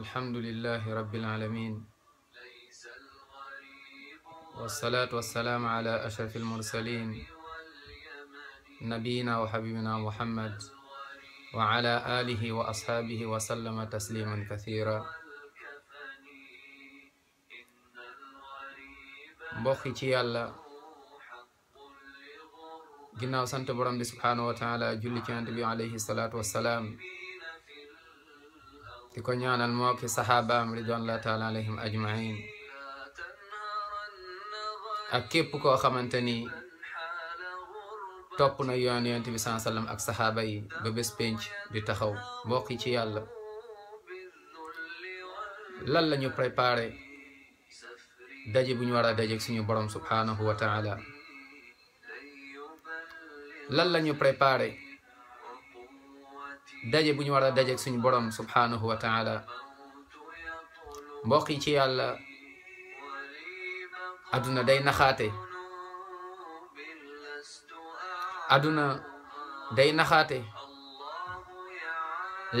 الحمد لله رب العالمين والصلاة والسلام على أشرف المرسلين نبينا وحبيبنا محمد وعلى آله وأصحابه وسلم تسليما كثيرا mbokk ci yàlla ginnaaw sant borom bi subhaanahu wa taala julli ci yonent bi alayhi salaatu wassalaam di ko ñaanal moo ki saxaabaam ridwanullah taala alayhim ajmain ak képp koo xamante ni topp na yoon yonent bi ak saxaaba ba bés pénc di taxaw mbokk ci yàlla lan la ñu préparé daje bu ñu waraa daje dajeeg suñu borom subhaanahu wa taala lan la ñu préparé daje bu ñu war a dajeeg suñu borom subhaanahu wa taala mbokk yi ci yàlla adduna day naxaate adduna day naxaate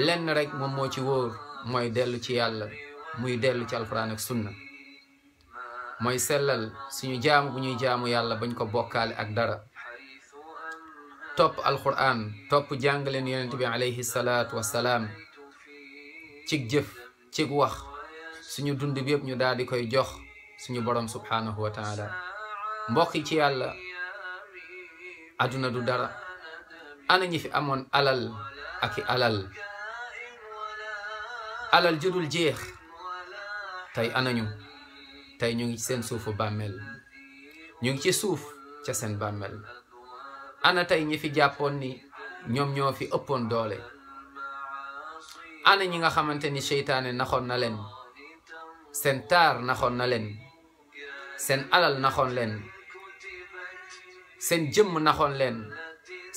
lenn rek moom moo ci wóor mooy dellu ci yàlla muy dellu ci alquran ak sunna mooy sellal suñu jaamu bu ñuy jaamu yàlla bañ ko bokkaale ak dara topp alquran topp jàngaleen yonent bi alayhi salaatu salaam cig jëf cig wax suñu dund bi yëpp ñu daal di koy jox suñu borom subhaanahu wa taala mbokk yi ci yàlla adduna du dara ana ñi fi amoon alal ak i alal alal judul jeex tey anañu tey ñu ngi seen suufu bàmmeel ñu ngi ci suuf ca seen bàmmeel ana tey ñi fi jàppoon ni ñoom ñoo fi ëppoon doole ana ñi nga xamante ni seytaane naxoon na leen seen taar naxoon na leen seen alal naxoon leen seen jëmm naxoon leen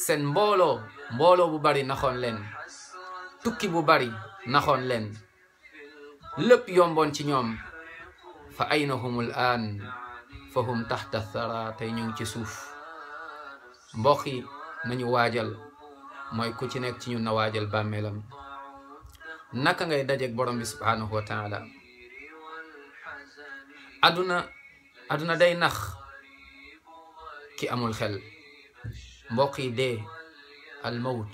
seen mbooloo mbooloo bu bari naxoon leen tukki bu bari naxoon leen lépp yomboon ci ñoom fa aynahumul aan fa hum taxta thara tey ñu ngi ci suuf mbokk yi nañu waajal mooy ku ci nekk ci ñu na waajal bàmmeelam naka ngay dajeeg borom bi subhaanahu wa taala aduna aduna day nax ki amul xel mbokk yi dee al mawt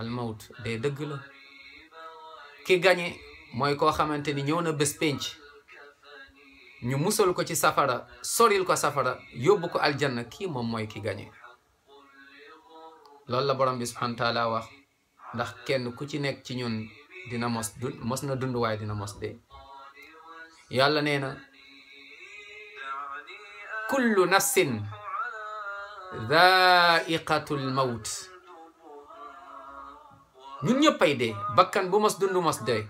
al mawt dee dëgg la ki gañe mooy koo xamante ni ñëw na bés pénc ñu musal ko ci safara soril ko safara yóbbu ko aljanna kii moom mooy ki gañe loolu la borom bi subhanahu taala wax ndax kenn ku ci nekk ci ñun dina mos na dund waaye dina mos dee yàlla nee na nas nafsin dhaiqatul mawt ñun ñëppay dee bakkan bu mos dund mos dee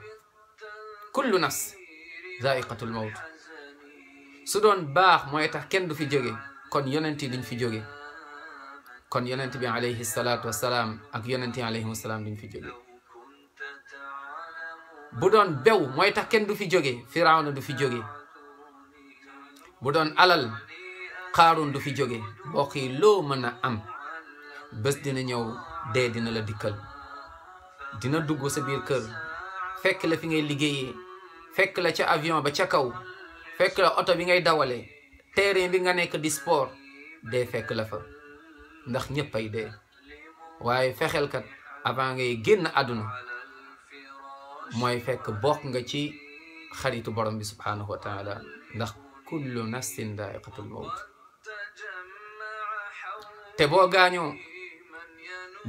kullu nafs dhaiqatul mawt su doon baax mooy tax kenn du fi jóge kon yonent yi duñ fi jóge kon yonent bi alayhi salaatu wasalaam ak yonent yi alayhi wasalaam duñ fi jóge bu doon bew mooy tax kenn du fi jóge firawna du fi jóge bu doon alal xaarun du fi jóge mbokk yi loo mën a am bés dina ñëw dee dina la dikkal dina dugg sa biir kër fekk la fi ngay liggéeyee fekk la ca avion ba ca kaw fekk la oto bi ngay dawale terrain bi nga nekk di sport dee fekk la fa ndax ñëpp ay dee waaye fexeel kat avant ngay génn àdduna mooy fekk bokk nga ci xaritu borom bi subhaanahu wa taala ndax kullu nafsin daa'iqatul mawt te boo gaañoo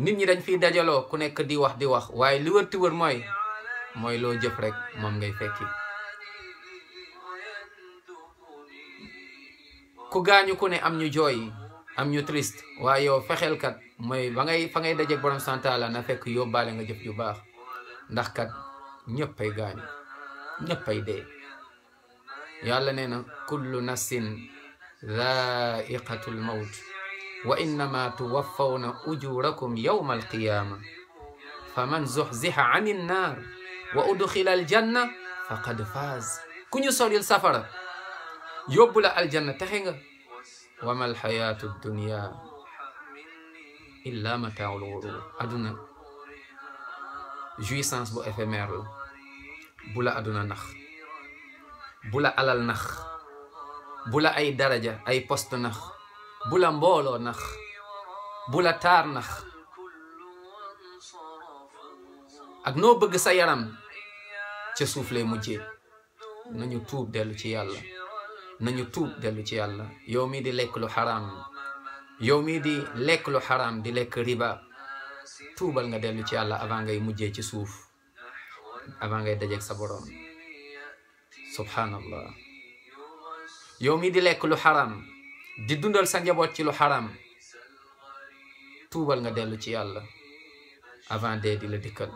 nit ñi dañ fi dajaloo ku nekk di wax di wax waaye li wër ti wër mooy mooy loo jëf rek moom ngay fekki ku gaañu ku ne am ñu jooy am ñu triste waaye yow fexeel kat mooy ba ngay fa ngay dajeeg borom santaala na fekk yóbbaale nga jëf ju baax ndax kat ñëppay gaañu ñëppay dee yàlla nee na kullu nafsin dhaiqatul mawt wa innama tuwaffawna ujurakum yawma alqiyama faman zuxzixa ani nnaar wa udxila aljanna faqad faaz ku ñu solil safara yóbbu la aljanna texe nga wamal xayaatu dunia illa mataaul ghurur aduna jouissance bu éphémère la bu la aduna nax bu la alal nax bu la ay daraja ay poste nax bu la mbooloo nax bu la taar nax ak noo bëgg sa yaram ca suuf lay mujjee nañu tuub dellu ci yàlla nañu tuub dellu ci yàlla yow mii di lekk lu xaraam yow mii di lekk lu xaraam di lekk riba tuubal nga dellu ci yàlla avant ngay mujjee ci suuf avant ngay dajeeg sa boroom subhanallah yow mii di lekk lu xaraam di dundal sa njaboot ci lu xaraam tuubal nga dellu ci yàlla avant dee di la dikkal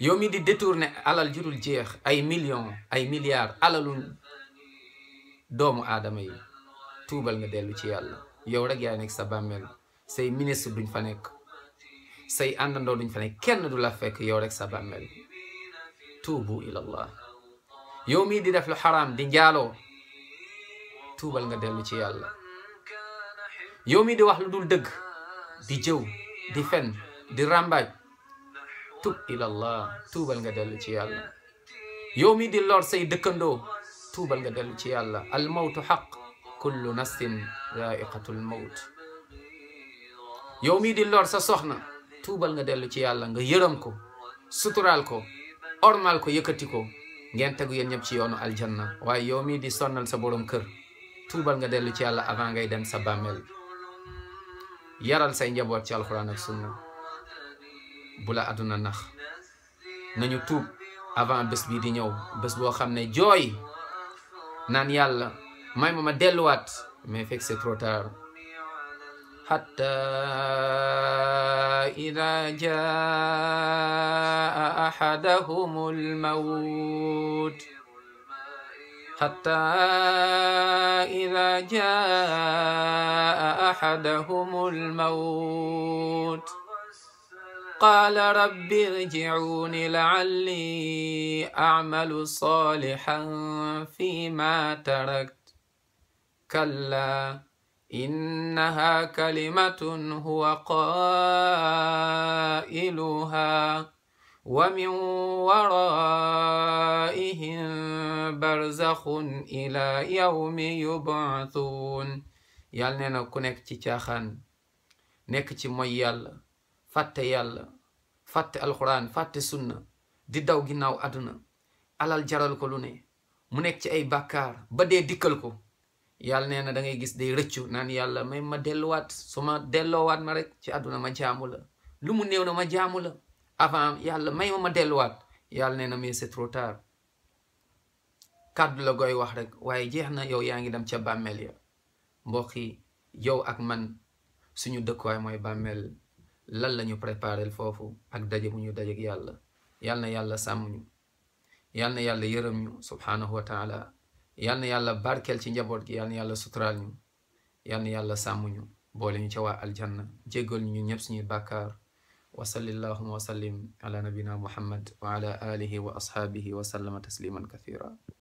yow mi di détourné alal jurul jeex ay millions ay milliards alalu doomu aadama yi tuubal nga dellu ci yàlla yow rek yaa nekk sa bàmmeel say ministre duñ fa nekk say àndandoo duñ fa nekk kenn du la fekk yow rek sa bàmmeel tuubu ilallah yow mii di def lu xaraam di njaaloo tuubal nga dellu ci yàlla yow mi di wax lu dul dëgg di jëw di fen di ràmbaaj tub ilallah tuubal nga dellu ci yàlla yow mi di lor say dëkkandoo tuubal nga dellu ci yàlla al mawtu xaq kullu nafsin raiqatul mawt yow mi di lor sa soxna tuubal nga dellu ci yàlla nga yërëm ko suturaal ko ormal ko yëkkati ko ngeen tegu yéen ñëpp ci yoonu aljanna waaye yow mii di sonnal sa borom kër tuubal nga dellu ci yàlla avant ngay dem sa bàmmeel yaral say njaboot ci alxuraan ak bu la àdduna nax nañu tuub avant bés bii di ñëw bés boo xam ne jooy naan yàlla may ma ma delluwaat mais fekk c'est trop tard حتى إذا جاء أحدهم الموت حتى إذا جاء أحدهم الموت قال رب ارجعون لعلي أعمل صالحا فيما تركت كلا إنها كلمة هو قائلها ومن ورائهم برزخ إلى يوم يبعثون yàlla nee na ku nekk ci caaxaan nekk ci mooy yàlla fàtte yàlla fàtte alxuraan fàtte sunna di daw ginnaaw àdduna alal jaral ko lu ne mu nekk ci ay bàkkaar ba dee dikkal ko yàlla nee na da gis day rëccu naan yàlla may ma delluwaat su ma delloowaat ma rek ci àdduna ma jaamu la lu mu néew na ma jaamu la avant yàlla may ma ma delluwaat yàlla nee na mais c'est trop kàddu la goy wax rek waaye jeex na yow yaa ngi dem ca bàmmeel ya mbokk yi yow ak man suñu dëkkuwaay mooy bàmmeel lan la ñu préparel foofu ak daje bu ñu dajeek yàlla yal na yàlla sàmm ñu yàlla yërëm ñu subhaanahu wa taala yàlla barkeel ci njaboot gi yal na yàlla suturaal ñu yal na yàlla sàmm ñu boole ñu ca waa aljanna jéggal ñu ñëpp suñuy bàkkaar wa salli allahuma wa sallim ala nabina muhammad wa ala alihi wa ashaabihi wa sallama tasliman kathira